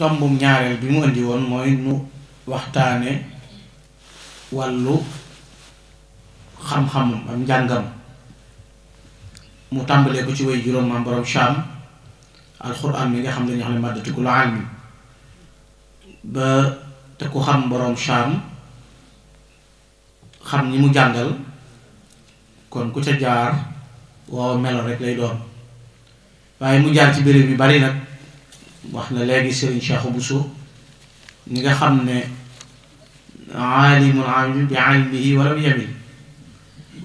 tombum ñaareel bi mu indi woon mooy nu waxtaane wàllu xam-xamum am njàngam mu tàmbalee ko ci way juróom maam borom Cham alxuraan mi nga xam ne ñu xam ne màddatu ku la almi ba te ku xam borom Cham xam ñi mu jàngal kon ku ca jaar waaw melo rek lay doon waaye mu jaar ci béréb yu bari nag wax na léegi Serigne bu Bousso ñi nga xam ne aalimun amil bi almihi walam yamin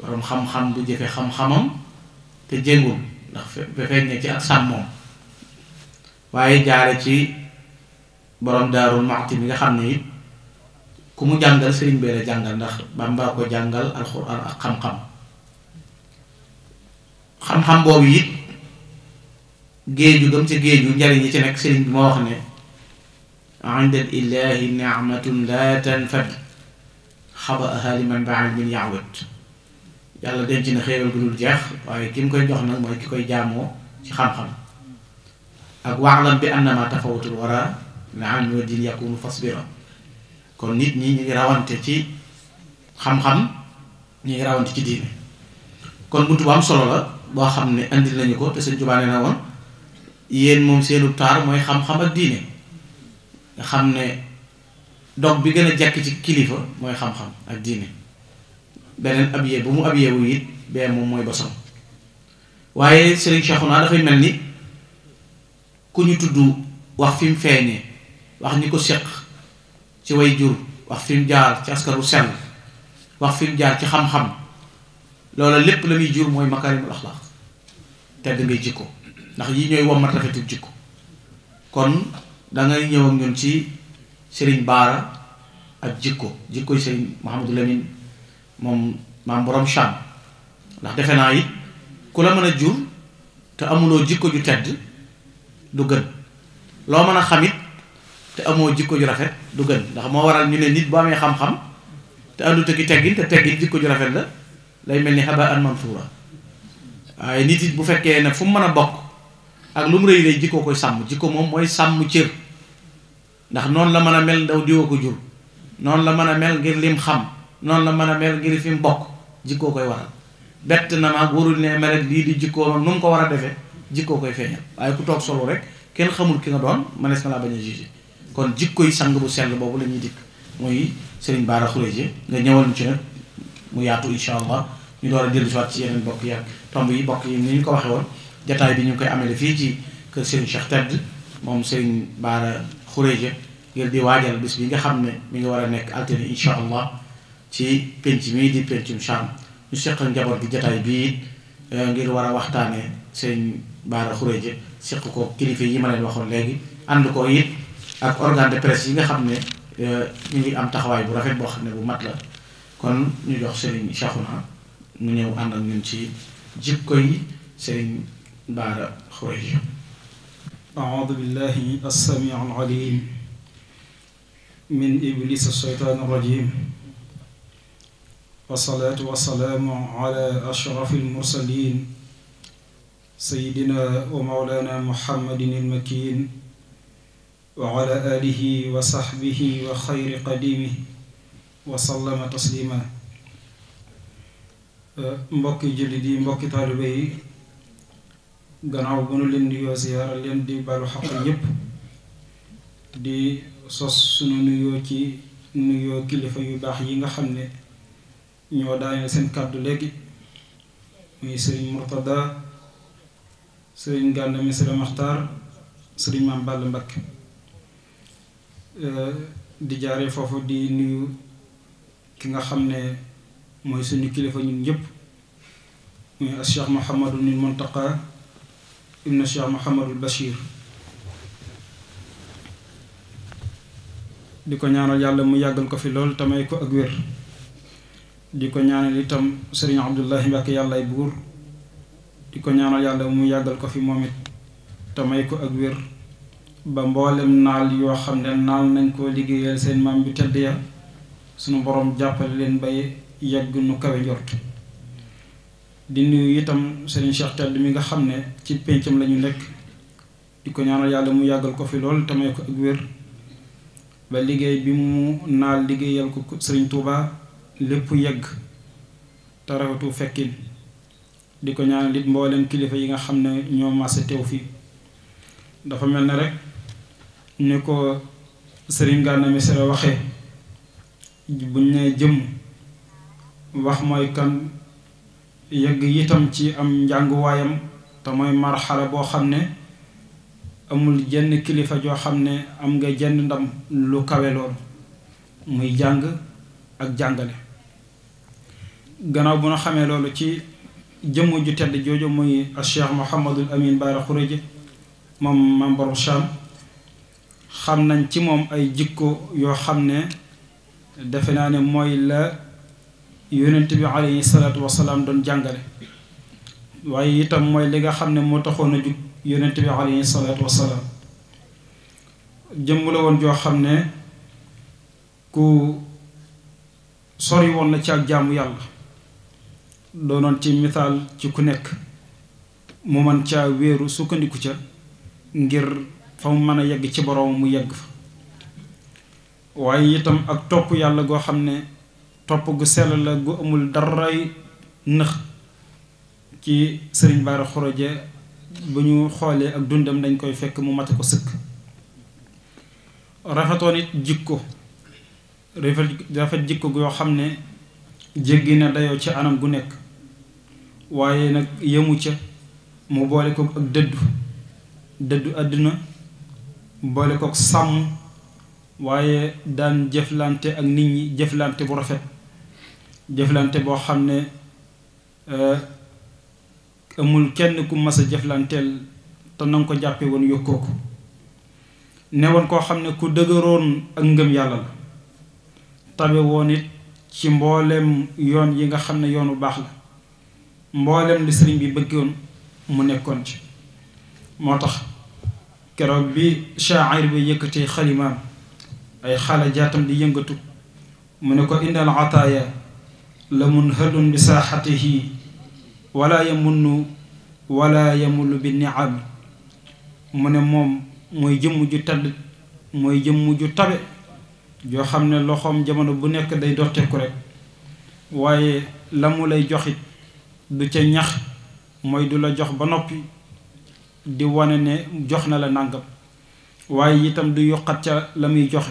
borom xam-xam bu jëfe xam-xamam te jéngul ndax fe feeñ ne ci ak sàmmoom waaye jaare ci boroom daarul maxti bi nga xam ne it ku mu jàngal sëriñ bee jàngal ndax Bàmba ko jàngal alxuraan ak xam-xam xam-xam boobu it géeju gëm ca géeju njariñ yi ci nekk sëriñ bi moo wax ne inda illaahi nicmatun la tanfad xaba ahali man baan min yaawet yàlla denc na xéewal gu jeex waaye ki mu koy jox nag mooy ki koy jaamoo ci xam-xam ak waaxlam bi annama tafawutul wara na am wa din yakunu fasbira kon nit ñi ñu ngi rawante ci xam-xam ñu ngi rawante ci diine kon buntu bu am solo la boo xam ne indi nañu ko te sëñ Tuubaa nee na woon yéen moom seenu taar mooy xam-xam ak diine nga xam ne dog bi gën a jekk ci kilifa mooy xam-xam ak diine beneen ab yee bu mu ab yeewu it bee moom mooy bosam waaye Serigne Cheikhouna dafay mel ni ku ñu tudd wax fi mu feeñee wax ni ko seq ci way jur wax fim jaar ci askar wu sell wax fi mu jaar ci xam-xam loola lépp la muy jur mooy makaarimul axlaaq tedd ngay jikko ndax yi ñooy wommat rafetul jikko kon dangay ñëw ak ñun ci sëriñ baara ak jikko jikkoy sëriñ Mouhamadou Lamine moom maam borom cham ndax defe naa it ku la mën a jur te amuloo jikko ju tedd du gën loo mën a xamit te amoo jikko ju rafet du gën ndax moo waral ñu ne nit bu amee xam-xam te àndut ak teggin te teggin jikko ju rafet la lay mel ni haba an mansuura waaye nit it bu fekkee ne fu mu mën a bokk ak lu mu rëy lay jikko koy sàmm jikko moom mooy sàmm cër ndax noonu la mën a mel ndaw diwa ko jur noonu la mën a mel ngir lim xam noonu la mën a mel ngir fi mu bokk jikkoo koy waral bett na ma warul ne ma rek lii di jikkoo nu ko war a defee jikkoo koy feeñal waaye ku toog rek kenn xamul ki doon mënees na laa bañ a jugé kon jikkoy sang bu sell boobu la ñuy dikk muy Serigne Bara Khourédia nga ñëwal ñu mu yaatu incha allah ñu door a dellu si ci yeneen bokk yi ak tomb yi bokk yi ni ñu ko waxee woon. jataay bi ñu ngi koy amele fii ci kër Serigne Cheikh Tedd moom Serigne Baara Khourédia ngir di waajal bis bi nga xam ne mi ngi war a nekk altine incha allah ci penc mii di pencum Cham ñu seqal njaboot bi jataay bii euh, ngir war a waxtaanee Serigne Baara Khourédia seq ko kilifa yi ma leen waxoon léegi ànd ko it ak organe de presse yi nga xam ne euh, ñu ngi am taxawaay bu rafet boo xam ne bu mat la kon ñu jox Serigne Cheikhouna mu ñëw ànd ak ñun ci jikko yi Serigne. baara xurey أعوذ بالله السميع العليم من إبليس الشيطان الرجيم والصلاة والسلام على أشرف المرسلين سيدنا ومولانا محمد المكين وعلى آله وصحبه وخير قديمه وسلم تسليما مبكي جلدي مبكي طالبي gannaaw bu nu leen di yoo siyaara leen di balu xaq ñépp di sos sunu ci nuyoo kilifa yu baax yi nga xam ne ñoo daaneel seen kàddu léegi muy sëriñ Murtada sëriñ Gànna Mesere sëriñ Maam Balla euh, di jaaree foofu di nuyu ki nga xam ne mooy suñu kilifa ñun ñëpp muy as Cheikh Mouhamadou Nil Mountakha ibnu cheikh Mouhamadul Bachir di ko ñaanal yàlla mu yàggal ko fi lool tamay ko ak wér di ko ñaanal itam sëriñ Abdullahi Mbàkke yàllaay buur di ko ñaanal yàlla mu yàggal ko fi moom it tamay ko ak wér ba mboolem naal yoo xam ne naal nañ koo liggéeyal seen maam bi tedd ya sunu borom jàppale leen bay yegg nu kawe njort di nuyu itam Serigne Cheikh Tedd mi nga xam ne ci péncam lañu nekk di ko ñaanal yàlla mu yàggal ko fi lool tamay ko ak wér ba liggéey bi mu naa liggéeyal ko Serigne Touba lépp yegg te rafetu fekkin di ko ñaanal it mboolem kilifa yi nga xam ne ñoo maase teew fii dafa mel ne rek ni ko Serigne Gana Messere waxee buñ ne jëm wax mooy kan. yëgg itam ci am njànguwaayam te mooy marxala boo xam ne amul jenn kilifa joo xam ne am nga jenn ndam lu kawe loolu muy jàng ak jàngale gannaaw bu na xamee loolu ci jëmm ju tedd jooju muy Cheikh Mouhamadul Amin Baara Khouréje moom membaru Cham xam nañ ci moom ay jikko yoo xam ne defe naa ne mooy la yonent bi alayhi salaatu wasalaam doon jàngale waaye itam mooy li nga xam ne moo taxoon a jug yonent bi alayhi salaatu wasalaam jëmm la woon joo xam ne ku sori woon na ci ak jaamu yàlla doonoon ci misaal ci ku nekk mu man ca wéeru sukkandiku ca ngir fa mu mën a yegg ci boroom mu yegg fa waaye itam ak topp yàlla goo xam ne topp gu sell la gu amul daray nëx ci sëriñ Bara Khourédia bu ñu xoolee ak dundam dañ koy fekk mu mate ko sëkk rafetoon it jikko rafet jikko goo xam ne jéggi na dayoo ci anam gu nekk waaye nag yemu ca mu boole kook ak dëddu dëddu àdduna boole kook sàmm waaye daan jëflante ak nit ñi jëflante bu rafet jëflante boo xam ne euh, amul kenn ku mas a jëflanteel te nanga ko jàppe woon yokkoo ko ne woon koo xam ne ku dëgëroon ak ngëm yàlla la tabe woon it ci mboolem yoon yi nga xam ne yoonu baax la mboolem li sëriñ bi bëggoon mu nekkoon ci moo tax keroog bi shaacir bi yëkkati xalimaam ay xala jaatam di yëngatu mu ne ko indal ataaya la mun hadun bi saaxatihi wala yamunnu wala yamullu bi niam mu ne moom mooy jëmm ju tadd mooy jëmm ju tabe joo xam ne loxoom jamono bu nekk day dotteeku rek waaye la mu lay joxit du ca ñax mooy du la jox ba noppi di wane ne jox na la nàngam waaye itam du yokkat ca la muy joxe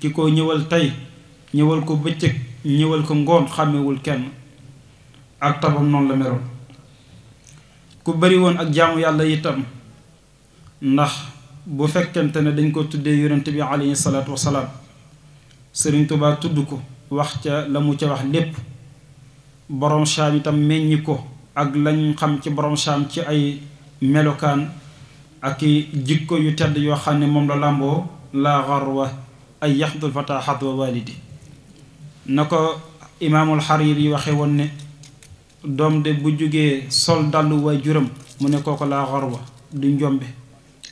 ki ko ñëwal tey ñëwal ko bëccëg ñëwal ko ngoon xàmmewul kenn ak tabam noonu la meroon ku bari woon ak jaamu yàlla itam ndax bu fekkente ne dañ koo tuddee yonent bi alayhi salaatu wasalaam sëriñ tubaa tudd ko wax ca la mu ca wax lépp borom saam itam meññi ko ak lañ xam ci borom saam ci ay melokaan ak i jikko yu tedd yoo xam ne moom la làmboo laa xarwa ay yaxdul fata xadwa walidi na ko imaamul Hariri yi waxe woon ne doom de bu jógee sol dàllu waay juram mu ne ko laa xorwa du njombe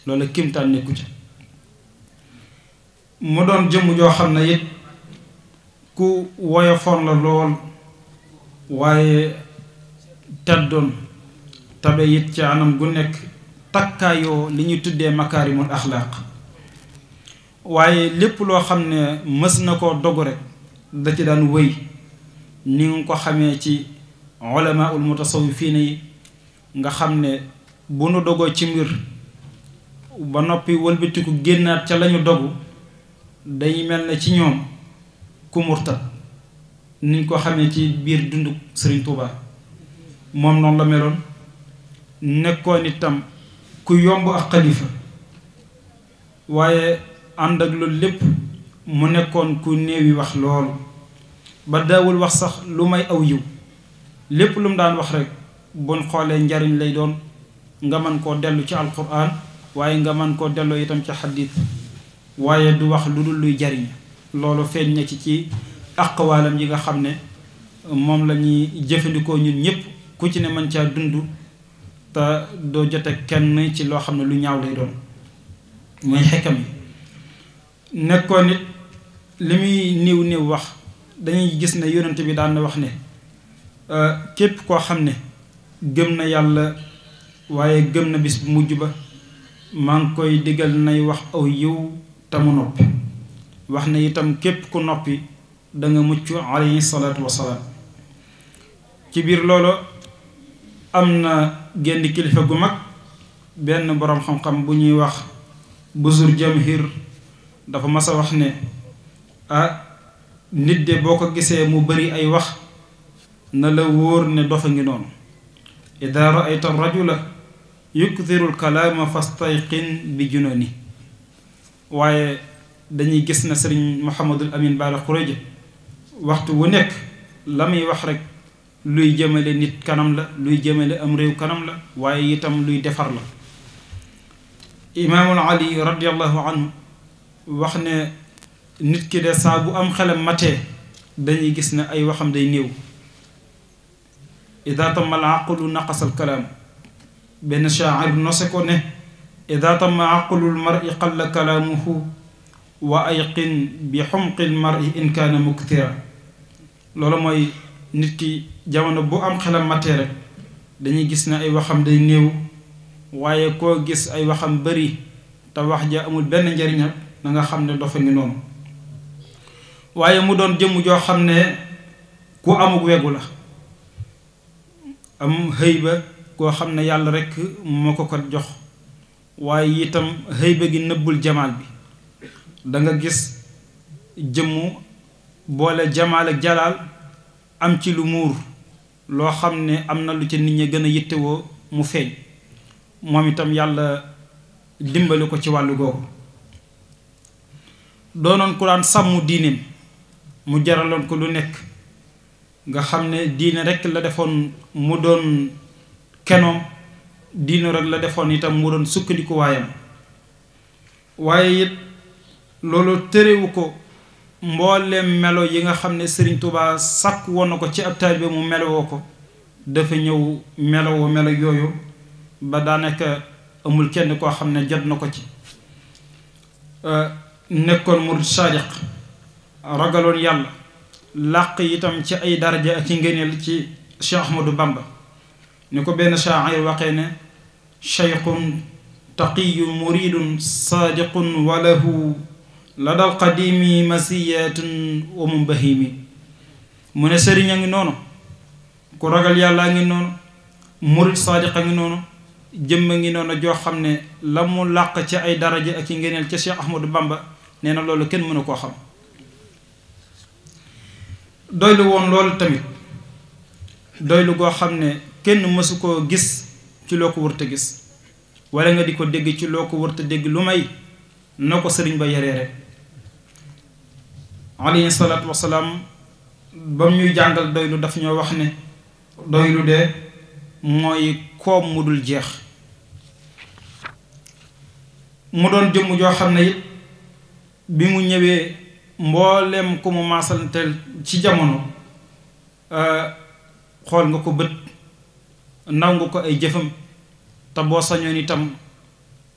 loola kimtaan nekku ca mu doon jëmm joo xam ne it ku woyofoon la lool waaye teddoon tabe ci anam gu nekk takkaayoo li ñuy tuddee makaarimul axlaaq waaye lépp loo xam ne mës na koo dogu rek da ci daan wëy ni nga ko xamee ci ulama ul mutasawwifiina yi nga xam ne bu nu dogoo ci mbir ba noppi wëlbatiku génnaat ca lañu dogu dañu mel na ci ñoom ku murtat niñ ko xamee ci biir dundu Sëriñ Tuubaa moom noonu la meloon nekkoon itam ku yomb ak xalifa waaye ànd ak loolu lépp mu nekkoon ku néewi wax loolu ba daawul wax sax lu may aw yiw lépp lu mu daan wax rek buñ xoolee njariñ lay doon nga mën koo dellu ci alquran waaye nga mën koo delloo itam ci xaddiit waaye du wax lu dul luy jariñ loolu feeñ na ci ci aqwaalam yi nga xam ne moom la ñuy jëfandikoo ñun ñëpp ku ci ne mën caa dund te doo jote kenn ci loo xam ne lu ñaaw lay doon muy xekkam yi nekkoon it li muy néew néew wax dañuy gis ne yonent bi daan wax ne euh, képp koo xam ne gëm na yàlla waaye gëm na bis bu mujj ba maa ngi koy digal nay wax aw yiw te mu noppi wax ne itam képp ku noppi da mucc alayhi salaatu wasalaam ci biir loolu am na genn kilifa gu mag benn boroom xam-xam bu ñuy wax busur jamhir dafa mas a wax ne ah nit de boo ko gisee mu bari ay wax na la wóor ne dofa ngi noonu ida raayta rajula yukthiru lkalaama fastayqin bi junoni waaye dañuy gis na sëriñ Mouhamadul Amin Baara Xureja waxtu wu nekk la muy wax rek luy jëmale nit kanam la luy jëmale am réew kanam la waaye itam luy defar la imaamul ali radiallahu anhu wax ne nit ki de saa bu am xelam matee dañuy gis ne ay waxam day néew ida tamma al aqlu naqasal kalaam benn shaacir nose ko ne ida tamma aqlu lmari qalla kalaamuhu wa ayqin bi xumqi lmari in kaana muktira loolu mooy nit ki jamono bu am xelam matee rek dañuy gis ne ay waxam day néew waaye koo gis ay waxam bari te wax ja amul benn njariñam na xam ne dofa ngi noonu waaye mu doon jëmm joo xam ne ku amuk wegu la am xëy ba koo xam ne yàlla rekk moo ko ko jox waaye itam xëy ba gi nëbbul jamaal bi danga gis jëmm boole jamaal ak jalaal am ci lu muur loo xam ne am na lu ci nit ñi gën a yittewoo mu feeñ moom itam yàlla dimbali ko ci wàllu googu doonoon ku daan sàmm diineem mu jaraloon ko lu nekk nga xam ne diine rekk la defoon mu doon kenoom diine rek la defoon itam mu doon sukkandiku waaye it loolu tërewu ko mboolem melo yi nga xam ne sëriñ Touba sàkk woon na ko ci ab taalibe mu melowoo ko dafa ñëw melowoo melo yooyu ba daanaka amul kenn koo xam ne jot na ko ci nekkoon mu saadiq ragaloon yàlla làq itam ci ay daraja ak i ngëneel ci Cheikh Ahmadou Bamba ni ko benn shaa'ir waxee ne cheyqun taqiyun muridun saadiqun walahu la dal qadimi masiyatun wa mumbahimi mu ne sëriñ a ngi noonu ku ragal yàlla yàllaa ngi noonu murid saadiq a ngi noonu a ngi noonu joo xam ne la mu làq ci ay daraja ak i ngëneel ca Cheikh Ahmadou Bamba nee na loolu kenn mënu koo xam doylu woon loolu tamit doylu goo xam ne kenn mësu koo gis ci loo ko wërta gis wala nga di ko dégg ci loo ko wërta dégg lu may na ko sëriñ ba yaree rek alayhi salaatu ba muy jàngal doylu daf ñoo wax ne doylu de mooy koom mu dul jeex mu doon jëmm joo xam ne it bi mu ñëwee mboolem ku mu maasalanteel ci jamono euh, xool nga ko bët naw nga ko ay jëfam te boo sañoon itam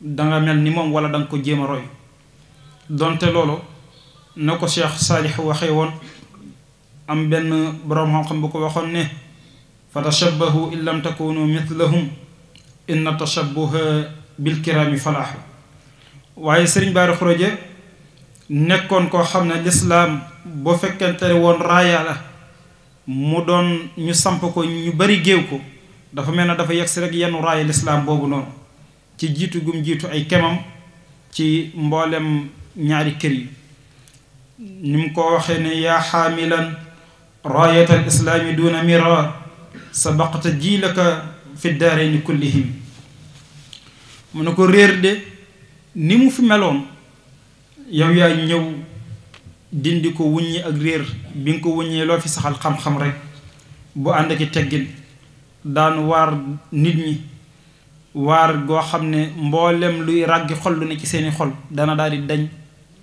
danga mel ni moom wala danga ko jéem roy donte loolu na ko Cheikh Saalix waxee woon am benn boroom xam-xam bu ko waxoon ne fa tashabbahu in lam takunu mithlahum inna tashabbuha bilkiraami falaahu waaye sëriñ Baari Xoroje nekkoon koo xam ne lislaam boo fekkente ne woon raaya la mu doon ñu samp ko ñu bari géew ko dafa mel ne dafa yegsi rek yenn raaya lislaam boobu noonu ci jiitu gum jiitu ay kemam ci mboolem ñaari kër yi ni mu ko waxee ne yaa xaamilan raayata al islaami duna mira sabaqta jiilaka fi daarayni kullihim mu ne ko réer de ni mu fi meloon yow yaa ñëw dindi ko wuññi ak réer bi nga ko wuññee loo fi saxal xam-xam rek bu ànd ak teggin daan waar nit ñi waar goo xam ne mboolem luy ràggi xol lu ne ci seeni xol dana daal di dañ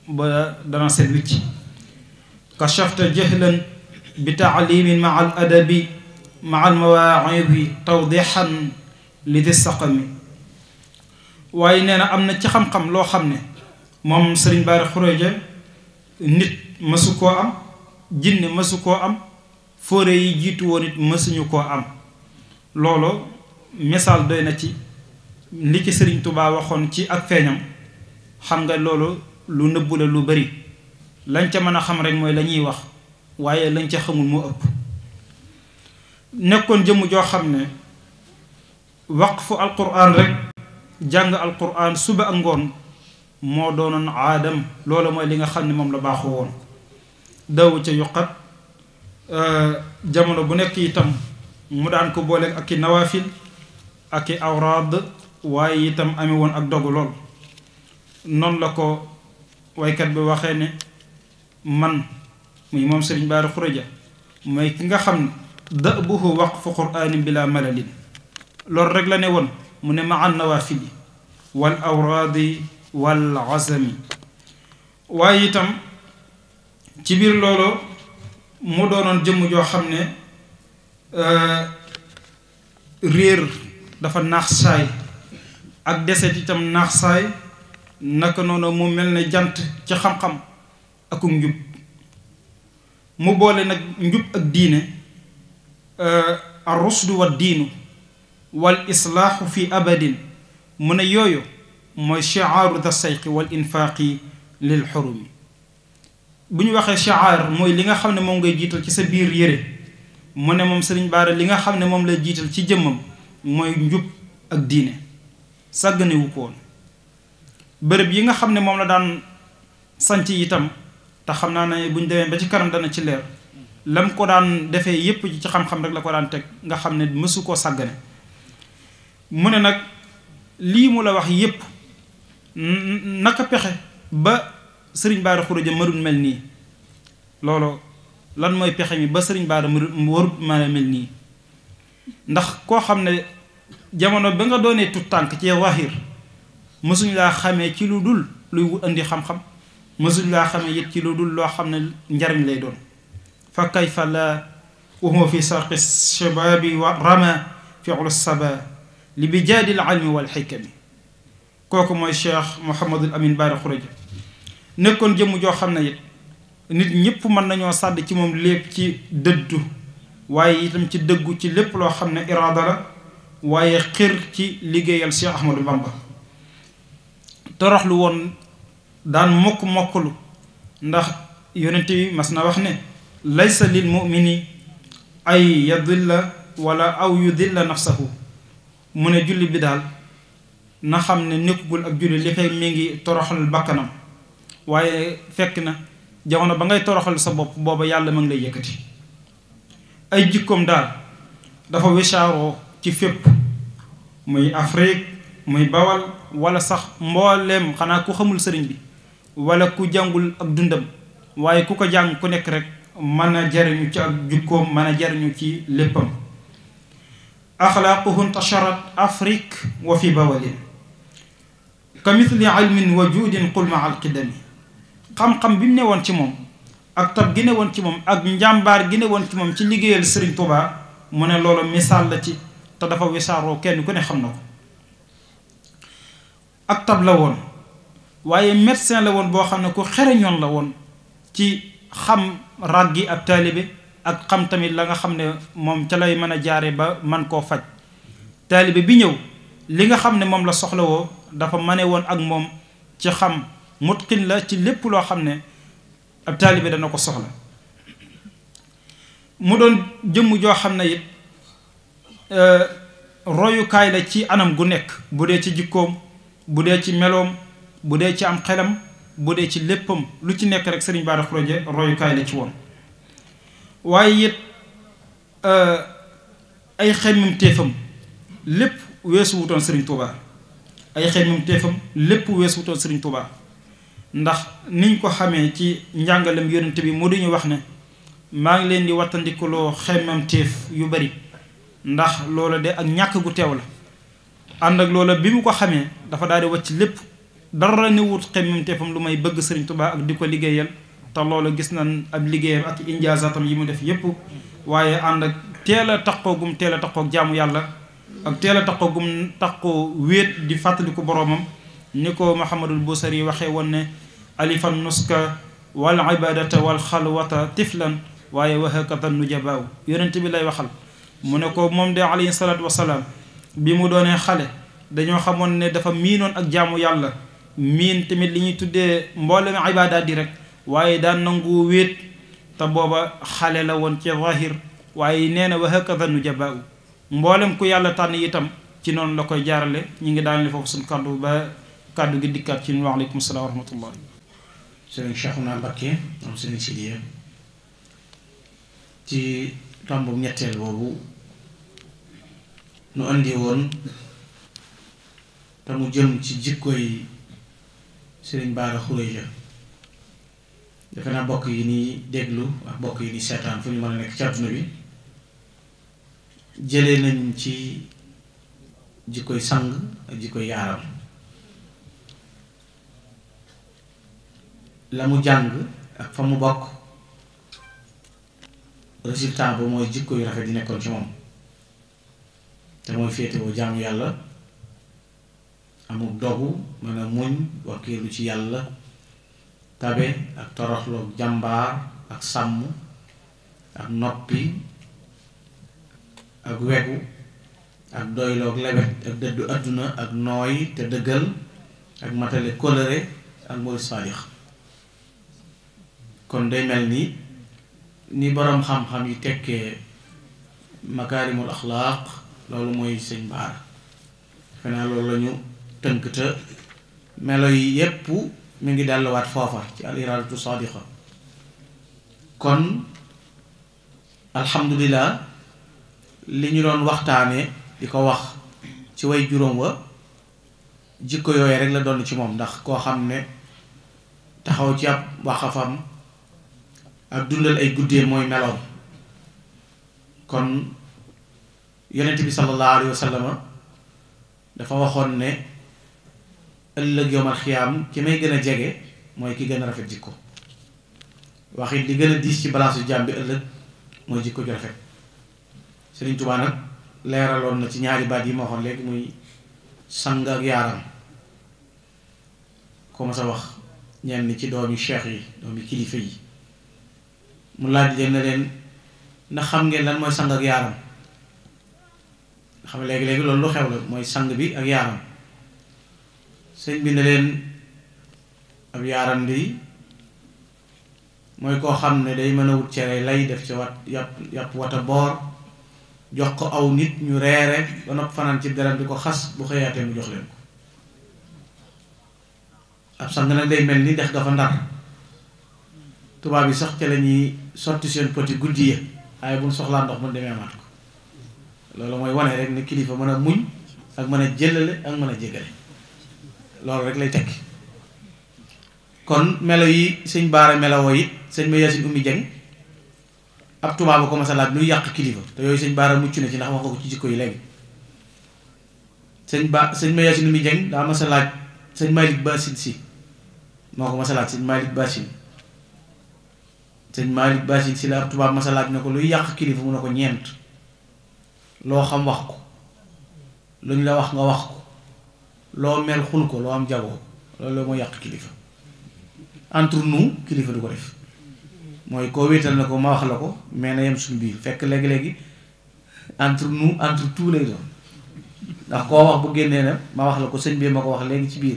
ba dana seet wicc kashafta jahlan bi taalimin maa al adabi maa al mawaidi tawdixan li di saqami waaye nee na am na ci xam-xam loo xam ne moom sëriñ Bara Khourédia nit mësu koo am jinne mësu koo am foore yi jiitu woon it mësuñu koo am loolu misaal doy na ci li ci sëriñ Touba waxoon ci ak feeñam xam nga loolu lu nëbbu la lu bari lañ ca mën a xam rek mooy la wax waaye lañ ca xamul mu ëpp nekkoon jëmm joo xam ne wax fu waqfu alquran rek jàng alquran suba ak ngoon moo doonoon aadam loolu mooy li nga xam ne moom la baaxoo woon daw ca yuqat euh, jamono bu nekk itam mu daan ko booleeg ak i nawaafil ak i awraad waaye itam ame woon ak dogu lool noonu la ko waykat bi waxee ne man muy moom sëriñ baari xuraja mooy ki nga xam ne da'buhu bila malalin loolu rek la ne woon mu ne ma an nawaafili wal awraadi wal azami waaye itam ci biir loolu mu doonoon jëmm joo xam ne euh, réer dafa naax saay ak deset itam naax saay naka noonu mu mel ni jant ci xam-xam akum njub mu boole nag njub ak diine euh, ar rusdu wa diinu wal islaaxu fi abadin mu ne yooyu mooy chiaaru da sayqi wal infaaqi lil xurumi bu ñu waxee chiaar mooy li nga xam ne moom ngay jiital ci sa biir yére mu ne moom sëriñ Baara li nga xam ne moom lay jiital ci jëmmam mooy njub ak diine sàgganewu ko bërëb yi nga xam ne moom la daan sanc itam te xam naa ne bu ñu demee ba ci kanam dana ci leer lam ko daan defee yépp ci xam-xam rek la ko daan teg nga xam ne mësu koo sàggane mu ne nag lii mu la wax yépp naka pexe ba sëriñ baara xuraja marul mel nii looloo lan mooy pexe mi ba sëriñ baara mu warut mën mel nii ndax koo xam ne jamono ba nga doonee tut tànk ci waxir mësuñ laa xamee ci lu dul luy indi xam-xam mësuñ laa xamee yit ci lu dul loo xam ne njariñ lay doon fa kayfa la waxuma fi sarqi shababi wa rama fi'lu saba li bijaadi al ilmi wal xikami kooku mooy cheikh Mouhamadul Amin Baara Khourédia nekkoon jëmm joo xam ne it nit ñëpp mën nañoo sàdd ci moom lépp ci dëddu waaye itam ci dëggu ci lépp loo xam ne iraada la waaye xir ci liggéeyal cheikh Ahmadou Bamba toroxlu woon daan mokk mokklu ndax yonent bi mas na wax ne laysa lil mumini ay yadilla wala aw yudilla nafsahu mu ne julli bi daal na xam ne nekkugul ak jullit li fekk mi ngi toroxal bakkanam waaye fekk na jamono ba ngay toroxal sa bopp booba yàlla ma ngi lay yëkkati ay jikkoom daal dafa wisaaroo ci fépp muy Afrique muy Bawal wala sax mbooleem xanaa ku xamul sëriñ bi wala ku jàngul ak dundam waaye ku ko jàng ku nekk rek mën a jariñu ci ak jikkoom mën a jariñu ci léppam axlaaquhu intasharat Afrique wa fi bawalin ka misli ilmin wa juudin qul ma alqidami xam-xam bi mu ne woon ci moom ak tab gi ne woon ci moom ak njàmbaar gi ne woon ci moom ci liggéeyal Sëriñ Tuubaa mu ne loolu misaal la ci te dafa wisaaroo kenn ku ne xam na ko ak tab la woon waaye médecin la woon boo xam ne ku xereñoon la woon ci xam rag gi ab taalibe ak xam tamit la nga xam ne moom ca lay mën a jaare ba man koo faj taalibe bi ñëw li nga xam ne moom la soxlawoo dafa mane woon ak moom ci xam mutqin la ci lépp loo xam ne ab taalibe dana ko soxla mu doon jëmm joo xam ne it euh, royukaay la ci anam gu nekk bu dee ci jikkoom bu dee ci meloom bu dee ci am xelam bu dee ci léppam lu ci nekk rek sëriñ Bara Khourédia royukaay la ci woon waaye it euh, ay xemmim téefam lépp weesu wutoon Serigne Touba ay xel moom lépp weesu wutoon Serigne Touba ndax niñ ko xamee ci njàngalem yonent bi moo dañu wax ne maa ngi leen di wattandikuloo xemmam teef yu bari ndax loola de ak ñàkk gu teew la ànd ak loola bi mu ko xamee dafa daal di wàcc lépp dara ne wut xemmam teefam lu may bëgg Serigne Touba ak di ko liggéeyal te loola gis na ab liggéeyam ak injaazatam yi mu def yépp waaye ànd ak teel a taqoogum teel a taqoog jaamu yàlla ak teel a taqoo gum taqoo wéet di fàttaliku boroomam ni ko Muhammadul Busiri waxee woon ne alifan nuska wal ibadata wal xalwata tiflan waaye wahakatan nujabaaw yonent bi lay waxal mu ne ko moom de alayhi salaatu wasalaam bi mu doonee xale dañoo xamoon ne dafa miinoon ak jaamu yàlla miin tamit li ñuy tuddee mboolem ibaadaat di rek waaye daan nangu wéet te booba xale la woon ci zahir waaye nee na wahakatan nujabaaw mboolem ku yàlla tànn itam ci noonu la koy jaarale ñu ngi daanale foofu suñu kàddu ba kàddu gi dikkat ci waaleykum salaam wa rahmatullah. sëriñ Cheikhouna Mbacké moom sëriñ Sidiya ci tombu ñetteel boobu nu andi woon te mu ci jikkoy sëriñ Bara Khourédia defe naa bokk yi ni déglu ak bokk yi ni seetaan fu ñu mën a nekk ci jële nañ ci ji sang ak ji yaaram la mu jàng ak fa mu bokk résultat ba mooy jikko rafet di nekkoon ci moom te mooy féetewoo jaamu yàlla amul dogu mën a muñ wakkiilu ci yàlla tabe ak toroxloog jàmbaar ak sàmm ak noppi ak wegu ak doyloog lebet ak dëddu adduna ak nooy te dëggal ak matale coloré ak mooy saadix kon day mel ni ni boroom xam-xam yi tekkee makaarimul axlaaq loolu mooy sëñ baara defe naa tënk te melo yi yépp mu ngi delluwaat foofa ci al iradatu kon alhamdulilah li ñu doon waxtaanee di ko wax ci way juróom wa jikko yooyu rek la doon ci moom ndax koo xam ne taxaw ci ab waxafam ak dundal ay guddee mooy meloom kon yonent bi sallallahu alayhi wa sallam dafa waxoon ne ëllëg yowmal xiyaam ki may gën a jege mooy ki gën a rafet jikko waxit li gën a diis ci balaasu jaam bi ëllëg mooy jikko ju rafet Sëriñ Tuubaa leeraloon na ci ñaari baat yi ma waxoon léegi muy sang ak yaaram ko ma sa wax ñenn ci doomi cheikh yi doomi kilifa yi mu laaj leen ne leen ndax xam ngeen lan mooy sang ak yaaram xam léegi-léegi loolu lu xew la mooy sang bi ak yaaram sëñ bi ne leen ab yaaram bi mooy koo xam ne day mën a wut cere lay def ci wat yàpp yàpp wata jox ko aw nit ñu reere ba nopp fanaan ci deram di ko xas bu xëyaatee mu jox leen ko ab sang nag day mel ni dex ga ndar tubaab yi sax ca la ñuy sotti seen poti guddi ya waaye bu ñu soxlaa ndox mën demee amaat ko loolu mooy wane rek ne kilifa mën a muñ ak mën a jëlale ak mën a jégale loolu rek lay tekki kon melo yi sëñ baara melowoo it sëñ ma yaasin ummi jeng ab tubaab bu ko mas a luy yàq kilifa te yooyu sëñ Baara mucc na ci ndax wax ko ci jikko yi léegi sëñ Ba sëñ Mayacine mi jëng daa mas a laaj si moo ko mas a laaj sëñ Malick Bassine si la ab tubaab mas a ko luy yàq kilifa mu ne ko ñeent loo xam wax ko la wax nga wax loo mel xul ko loo am jaboo loolu mooy yàq kilifa entre nous kilifa du ko def. mooy koo wéetal na ko ma wax la ko mais na yem suñu biir fekk léegi-léegi entre nous entre tous lay doon ndax koo wax bu génnee na ma wax la ko sëñ bi ma ko wax léegi ci biir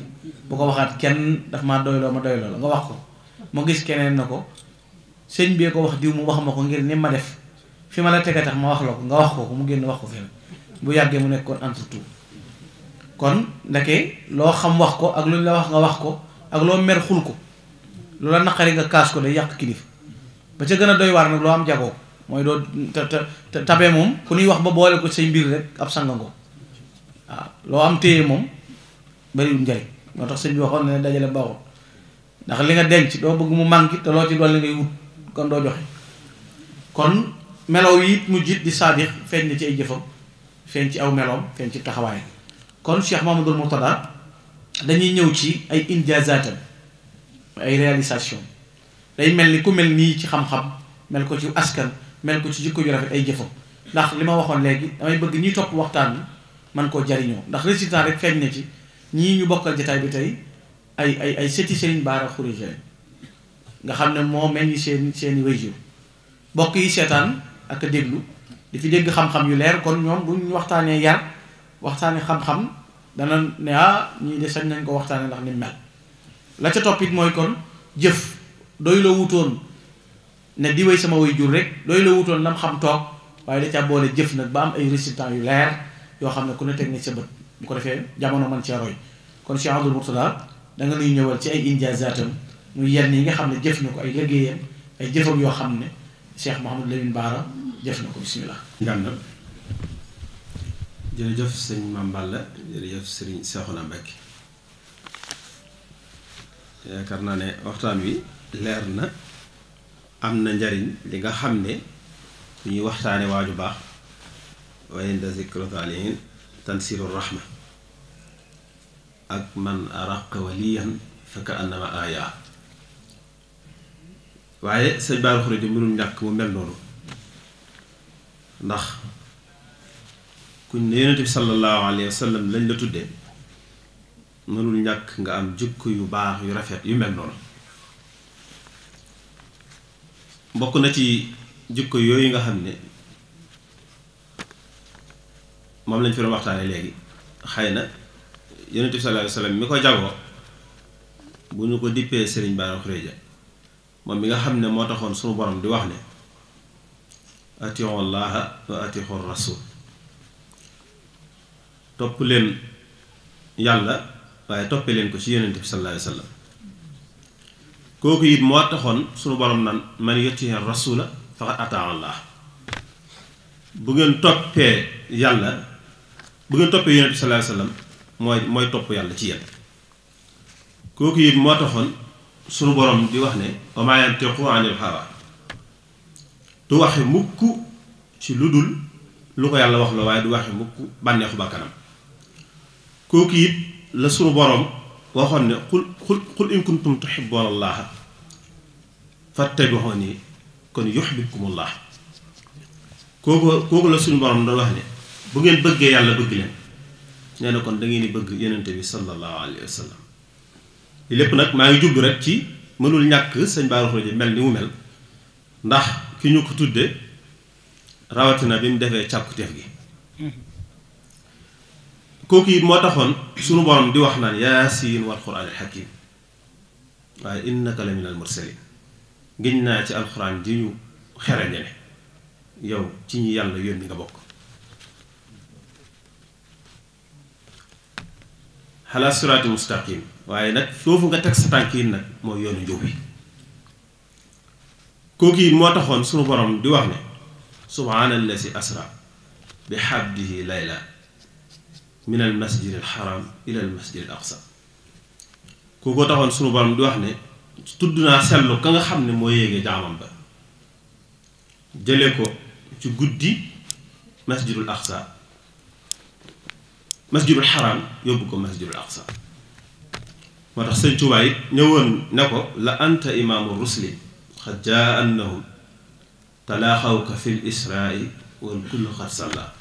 bu ko waxaat kenn daf maa doyloo ma doyloo la nga wax ko mu gis keneen na ko sëñ ko wax diw mu wax ma ko ngir ni ma def fi ma la tege tax ma wax la ko nga wax ko mu génn wax ko fen bu yàggee mu nekkoon entre tout kon ndeke loo xam wax ko ak lu la wax nga wax ko ak loo mer xul ko loolu la naqari nga kaas ko de yàq kilifa ba ca gën a doy waar nag loo am jagoo mooy doo te te tabe moom ku ñuy wax ba boole ko say mbir rek ab sangango waaw loo am téye moom bariwul njëriñ moo tax sëñ bi waxoon ne dajale baaxul ndax li nga denc doo bëgg mu manqué te loo ci dolli ngay wut kon doo joxe kon melow yi mu jiit di saadix feeñ na ci ay jëfam feeñ ci aw meloom feeñ ci taxawaay kon doon Cheikh Mamadou Mourtada dañuy ñëw ci ay injazaatam ay réalisation day mel ni ku mel nii ci xam-xam mel ko ci askan mel ko ci jikko ju rafet ay jëfam ndax li ma waxoon léegi damay bëgg ñi topp waxtaan bi man koo jariñoo ndax résultat rek feeñ na ci ñii ñu bokkal jataay bi tey ay ay ay sëti Serigne Bara Khouréja nga xam ne moo mel ni seen seen wéyjur bokk yi seetaan ak déglu di fi dégg xam-xam yu leer kon ñoom bu ñu waxtaanee yar waxtaanee xam-xam dana ne ah ñii de sañ nañ ko waxtaanee ndax ni mel la ca toppit mooy kon jëf doy la wutoon ne di way sama way jur rek doy la wutoon lam xam toog waaye da caa boole jëf nag ba am ay résultats yu leer yoo xam ne ku ne teg na sa bët bu ko defee jamono man cee roy kon Cheikh Abdoul Mourtada da nga nuy ñëwal ci ay injazaatam muy yenn yi nga xam ne jëf na ko ay liggéeyam ay jëfam yoo xam ne Cheikh Mouhamadou Lamine Baara jëf na ko bisimilah. ngàndal jërëjëf sëñ Mame Balla jërëjëf sëriñ Cheikhouna Mbacké yaakaar naa ne waxtaan wi. leer na am na njariñ li nga xam ne lu ñuy waxtaane waaju baax waaye nda zikru saalihin tansiru rahma ak man araq waliyan faka annama aya waaye sëñ Bara Khourédia mënul ñàkk mu mel noonu ndax kuñ ne yonent bi sallallahu alayhi lañ la tudde mënul ñàkk nga am jukk yu baax yu rafet yu mel noonu bokk na ci jikko yooyu nga xam ne moom lañ fi doon waxtaane léegi xëy na yonent bi sallallahu alayhi wasallam mi ko jagoo bu ñu ko dippee sëriñ Bara Khourédia moom bi nga xam ne moo taxoon sunu borom di wax ne atiu llaha wa atiu topp leen yàlla waaye toppee leen ko ci yonent bi sallallahu alayhi kooku it moo taxoon sunu borom nan man yutihi rasula faqad ataa Allah bu ngeen toppee yàlla bu ngeen toppee yonent bi sallallahu alayhi mooy mooy topp yàlla ci yéen kooku it moo taxoon sunu borom di wax ne wa maa yantiqu anil hawa du waxe mukk ci lu dul lu ko yàlla wax la waaye du waxe mukk bànneexu bakkanam kooku it la sunu borom waxoon ne xul xul xul in kuntum tuxibbuuna allaha ni kon yuxbibkumullah kooku kooku la suñu borom doon wax ne bu ngeen bëggee yàlla bëgg leen nee na kon da ngeen di bëgg yonente bi sallallahu alayhi wa li lépp nag maa ngi jublu rek ci mënul ñàkk sëñ Bara Khourédia mel ni mu mel ndax ki ñu ko tudde rawatina bi mu defee càkkuteef gi mm-hmm. kooku it moo taxoon sunu borom di wax naan yaasiin wal quraan al hakiim waaye innaka la min al mursalin giñ naa ci alxuraan di ñu xereñe ne yow ci ñi yàlla yónni nga bokk xalaa siraati mustaqim waaye nag foofu nga teg sa tànk yi nag mooy yoonu njub bi kooku moo taxoon sunu borom di wax ne subhaana allazi asra bi xabdihi layla min al masjid al haram ila al masjid al aqsa kookoo taxoon sunu wax ne tudd naa sellu ka nga xam ne moo yéege jaamam ba jële ko ci guddi masjidul aqsa masjidul haram yóbbu ko masjidul aqsa moo tax sëñ Tuubaa ñëwoon ne ko la anta imaamu rusli xad jaa annahum talaaxawka fi l wal kullu xad salla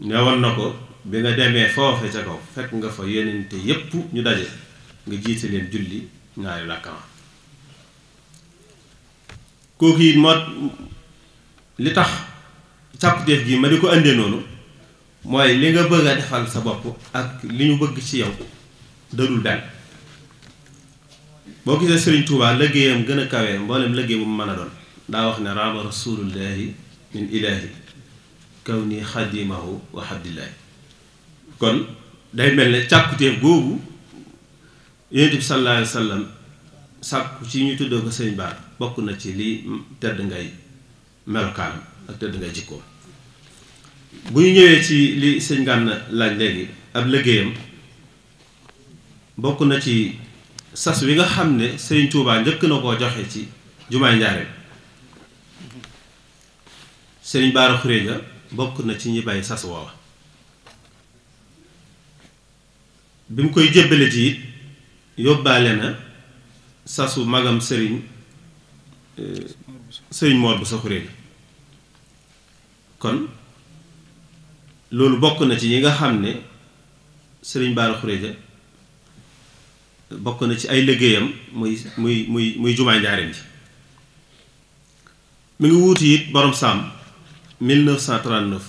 newoon na ko bi nga demee foofe ca kaw fekk nga fa yenente yépp ñu daje nga jiite leen julli ñaari rakkaa kooku it moo li tax càppteef gi ma di ko indee noonu mooy li nga bëgg a defal sa bopp ak li ñu bëgg ci yow dadul benn boo gisee Sëriñ Tuubaa liggéeyam gën a kawee mboolem liggéey bu mu mën a doon daa wax ne raama rasulullahi min ilahi kaw nii xadimahu kon day mel ne càkkuteef googu yonent bi sallallahu alayhi ci ñu tuddoo ko sëñ Bara bokk na ci lii tedd ngay melokaanam ak tedd ngay jikkoom bu ñëwee ci li sëñ Gana laaj léegi ab liggéeyam bokk na ci sas wi nga xam ne sëñ Touba njëkk na koo joxe ci jumaay njaareem sëriñ Bara Khourédia bokk na ci ñi bàyyi sas woowa bi mu koy jébbale ci yóbbaale na sasu magam sëriñ eh, sëriñ moor bu sa xuréel kon loolu bokk na ci yi nga xam ne sëriñ baara xuréja bokk na ci ay liggéeyam muy muy muy muy jumaa njaareem ji mi ngi wuuti it borom sàmm mille 1939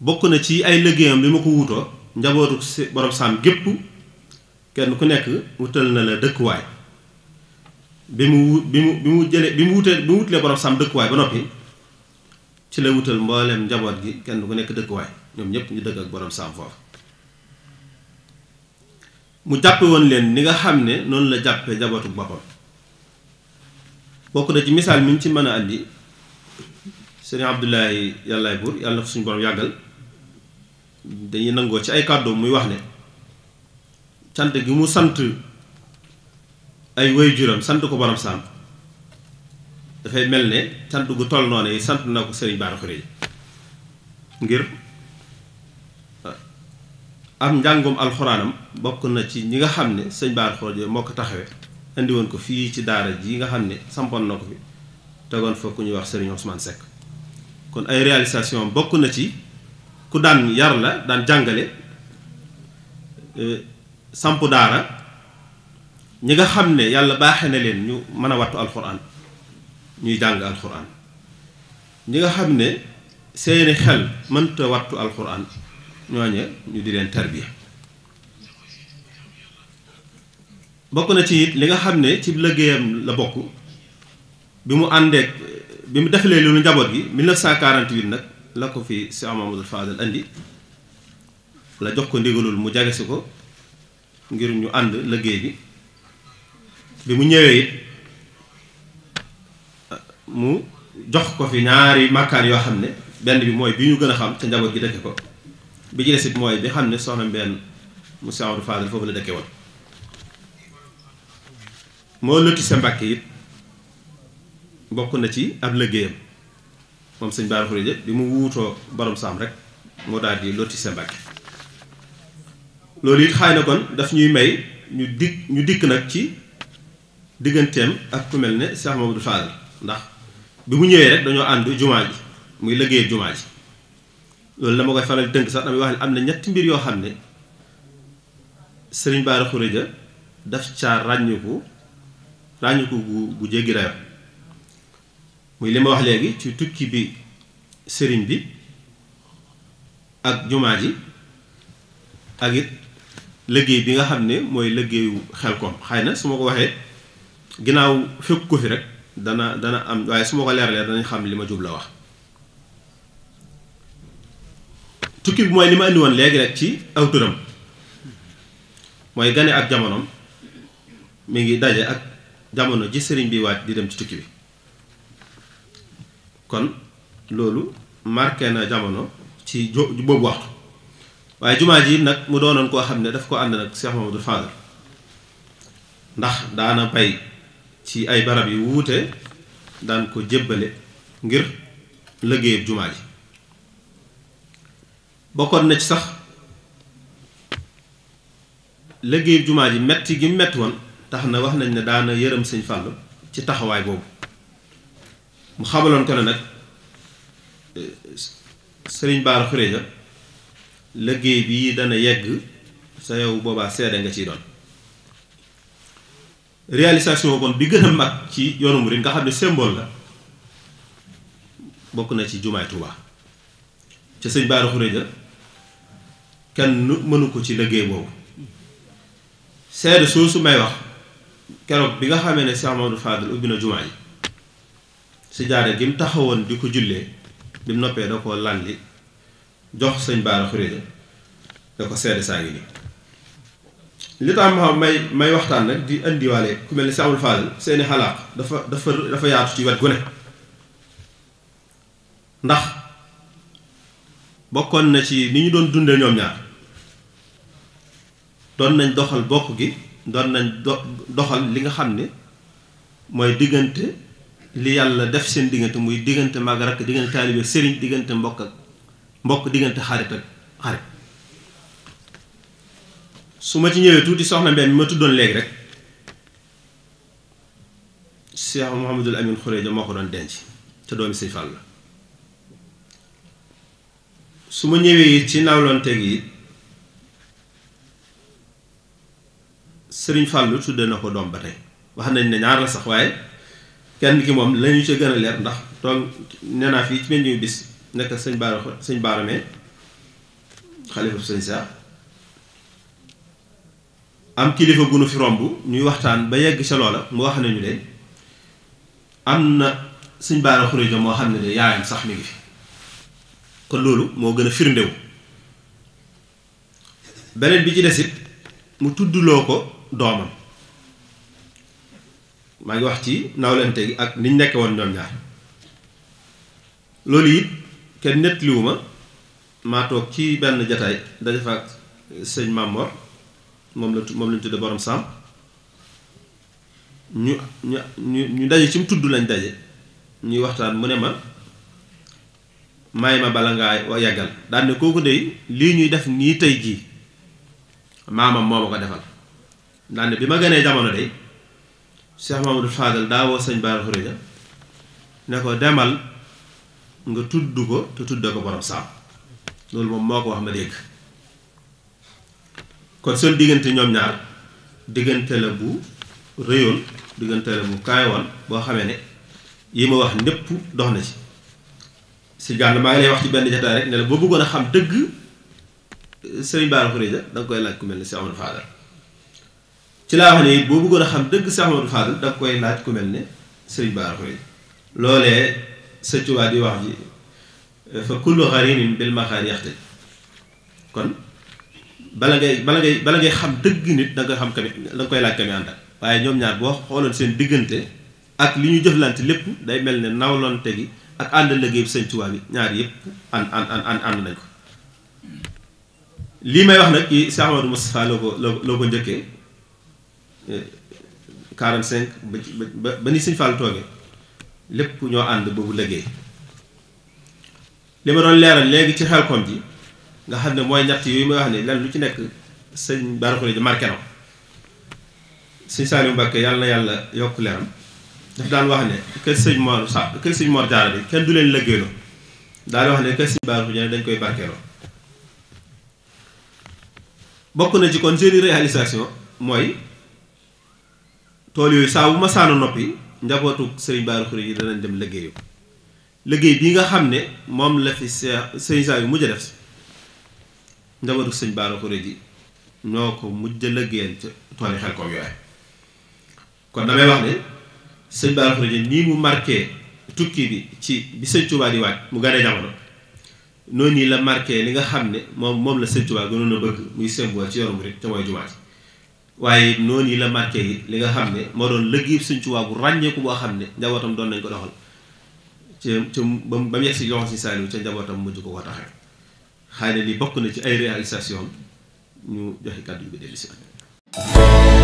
bokk na ci ay liggéeyam li mu ko wutoo njabootu si borom saam gépp kenn ku nekk wutal na la dëkkuwaay bi mu bi mu bi mu jëlee bi mu wutee bi mu wutalee borom saam dëkkuwaay ba noppi ci la wutal mbooleem njaboot gi kenn ku nekk dëkkuwaay ñoom ñëpp ñu dëkk ak borom saam foofu mu jàppe woon leen ni nga xam ne noonu la jàppee njabootu boppam bokk na ci misaal mi ñu ci mën a andi sëriñ Abdoulaye yàllaay buur yàlla na ko suñu borom yàggal dañuy nangoo ci ay kàddoom muy wax ne sant gi mu sant ay waajuram sant ko borom saam dafay mel ne sant gu toll noonu yi sant na ko sëriñ Bara Khourédia ngir ah, am njàngum alxuraanam bokk na ci ñi nga xam ne sëñ Bara Khourédia moo ko taxawe indi woon ko fii ci daara ji nga xam ne sampoon na ko te tegoon fa ku ñuy wax sëriñ Ousmane Seck kon ay réalisation bokk na ci ku daan yar la daan jàngale e, samp daara ñi nga xam ne yàlla baaxe na leen ñu mën a wattu alxuraan ñuy jàng alxuraan ñi nga xam ne seeni xel mënta wattu alxuraan ñooñe ñu di leen tarbiya bokk na ci it li nga xam ne ci liggéeyam la bokk bi mu àndeek bi mu defalee loolu njaboot gi 1948 nag la ko fi si Mamadou Fadal andi la jox ko ndigalul mu jage si ko ngir ñu ànd liggéey bi bi mu ñëwee it mu jox ko fi ñaari makkaan yoo xam ne benn bi mooy bi ñu gën a xam te njaboot gi dëkke ko bi ci des mooy bi xam ne soxna mbenn mu si Amadou Fadal foofu la dëkke woon moo lëtti sa mbàkk it bokk na ci ab liggéeyam moom sëñ Bara Khourédia bi mu wuutoo borom sax rek moo daal di lotise Mbàkke loolu it xaay na kon daf ñuy may ñu dikk ñu dikk nag ci digganteem ak ku mel ne Cheikh Mamadou Fall ndax bi mu ñëwee rek dañoo ànd jumaa ji muy liggéey jumaa ji loolu la koy faral tënk sax damay wax am na ñetti mbir yoo xam ne sëriñ Bara Khourédia daf caa ràññiku ràññiku gu gu jéggi muy li ma wax léegi ci tukki bi sëriñ bi ak jumaa ji ak it liggéey bi nga xam ne mooy liggéeyu Xelcom xëy na su ma ko waxee ginnaaw fekk ko fi rek dana dana am waaye su ma ko leeralee danañ xam li ma jub la wax tukki bi mooy li ma indi woon léegi rek ci aw turam mooy gane ak jamonoom mi ngi daje ak jamono ji sëriñ bi waaj di dem ci tukki bi kon loolu marqué na jamono ci boobu waxtu waaye jumaa ji nag mu doonoon koo xam ne daf ko ànd nag Cheikh Mamadou Fadal ndax daana bay ci ay barab yi wuute daan ko jébbale ngir liggéeyub jumaa ji bokkoon na ci sax liggéeyub jumaa ji metti gi metti woon tax na wax nañ ne daana yërëm sëñ Fàllu ci taxawaay boobu mu xamaloon ko ne nag eh, sëriñ Baara Xureja léggéey bii dana yegg sa yow boobaa seede nga ci doon réalisation kon bi gën a ci yoonu murid nga xam ne symbole la bokk na ci jumaay Tuubaa ca sëñ Baara Xureja kenn mënu ko ci liggéey boobu seede su may wax keroog bi nga xamee ne Cheikh Mamadou Fadel ubbi na jumaa yi sijaada gi mu taxawoon di ko jullee bi mu noppee da ko lan li jox sëñ baara xuréja da ko seede saa ngi nii li tax ma may may waxtaan nag di indiwaale ku mel ni si amul seeni xalaat dafa dafa dafa yaatu ci wet gu ndax bokkoon na ci ni ñu doon dundee ñoom ñaar doon nañ doxal bokk gi doon nañ doxal li nga xam ne mooy diggante li yàlla def seen diggante muy diggante mag rakk diggante taalibe sëriñ diggante mbokk ak mbokk diggante xarit ak xarit su ma ci ñëwee tuuti soxna mbenn mi ma tuddoon léegi rek Cheikh Mouhamadul Amin Xureja moo ko doon denc te doomi Sëñ Fall su ma ñëwee it ci nawlonteeg yi Sëriñ Fallu tudde na ko doom ba tey wax nañ ne ñaar la sax waaye kenn ki moom lañu ci gën a leer ndax toog nee fii ci benn bis nekk sëñ Baara sëñ Baara mee xalifa sëñ Saar am kilifa gunu fi romb ñuy waxtaan ba yegg ca loola mu wax nañu leen am na sëñ Baara Xureja moo xam ne de yaayam sax mi ngi fi kon loolu moo gën a firndewu beneen bi ci desit mu tudduloo ko doomam maa ngi wax ci nawlante gi ak niñ nekkee woon ñoom ñaar loolu it kenn nettaliwuma maa toog ci benn jataay daje sëñ Mamor moom la moom lañ tudde borom saam ñu ñu ñu ñu ci mu tudd lañ daje ñuy waxtaan mu ne ma may ma bala ngaa yàggal daan kooku de lii ñuy def nii tey gii maamam moo ma defal daan bi ma gënee jamono de Cheikh Mamadou Fadal daa woo sëñ Bara Khourédia ne ko demal nga tudd ko te tudda ko borom saam loolu moom moo ko wax ma dégg kon seen diggante ñoom ñaar diggante la bu réyoon diggante la bu kaayoon boo xamee ne yi ma wax népp dox na ci si gànn maa ngi lay wax ci benn jotaay rek ne la boo bëggoon a xam dëgg eh, sëñ Bara Khourédia da nga koy laaj ku mel ni Cheikh Mamadou Fadal ci laa wax ne it boo bëggoon a xam dëgg Seex Ahmadu Xaadal da koy laaj ku mel ne sëriñ Bara Xuree loolee Sëriñ Tuubaa di wax ji fa kullu xarinin bil maxaar yaxtaj kon bala ngay bala ngay bala ngay xam dëgg nit da xam kami da koy laaj kami àndal waaye ñoom ñaar boo xooloon seen diggante ak li ñu jëflante lépp day mel ne nawlonte gi ak ànd liggéey bi Sëriñ ñaar yëpp ànd ànd nañ ko lii may wax nag ci Seex Ahmadu Mustafaa loo ko loo ko njëkkee quarante cinq ba ci ba ba ni sëñ Fall toogee lépp ñoo ànd boobu liggéey li ma doon leeral léegi ci xelkom ji nga xam ne mooy ñett yooyu ma wax ne lan lu ci nekk sëñ Baroukhoune ji marqué na ko sëñ Saliou Mbacke yàlla yàlla yokk leeram daf daan wax ne kër sëñ Mor sa kër sëñ Mor Diarra bi kenn du leen liggéeyloo daal wax ne kër sëñ Baroukhoune dañ koy barkeeloo bokk na ci kon seeni réalisation mooy. tool yooyu saa bu ma saana noppi njabootu sëriñ Baara Xuré yi danañ dem liggéeyu liggéey bi nga xam ne moom la fi sëriñ saa yu mujj a njabootu sëriñ Baara Xuré ji ñoo ko mujj a liggéeyal kon damay wax ne sëriñ Baara Xuré ji mu marqué tukki bi ci bi sëriñ Tuubaa di mu gane jamono noonu nii la marqué li nga xam ne moom moom la sëriñ Tuubaa gënoon a bëgg muy sembuwaat ci yorom rek te mooy jumaa waaye noonu yi la marqué yi li nga xam ne moo doon lëggéey suñ Tuubaa bu ràññeeku boo xam ne njabootam doon nañ ko doxal ca ca ba mu ba mu yegg si loxo si Saliou ca njabootam mujj ko ko taxe xëy na li bokk na ci ay réalisation ñu joxe kàddu bi dellu si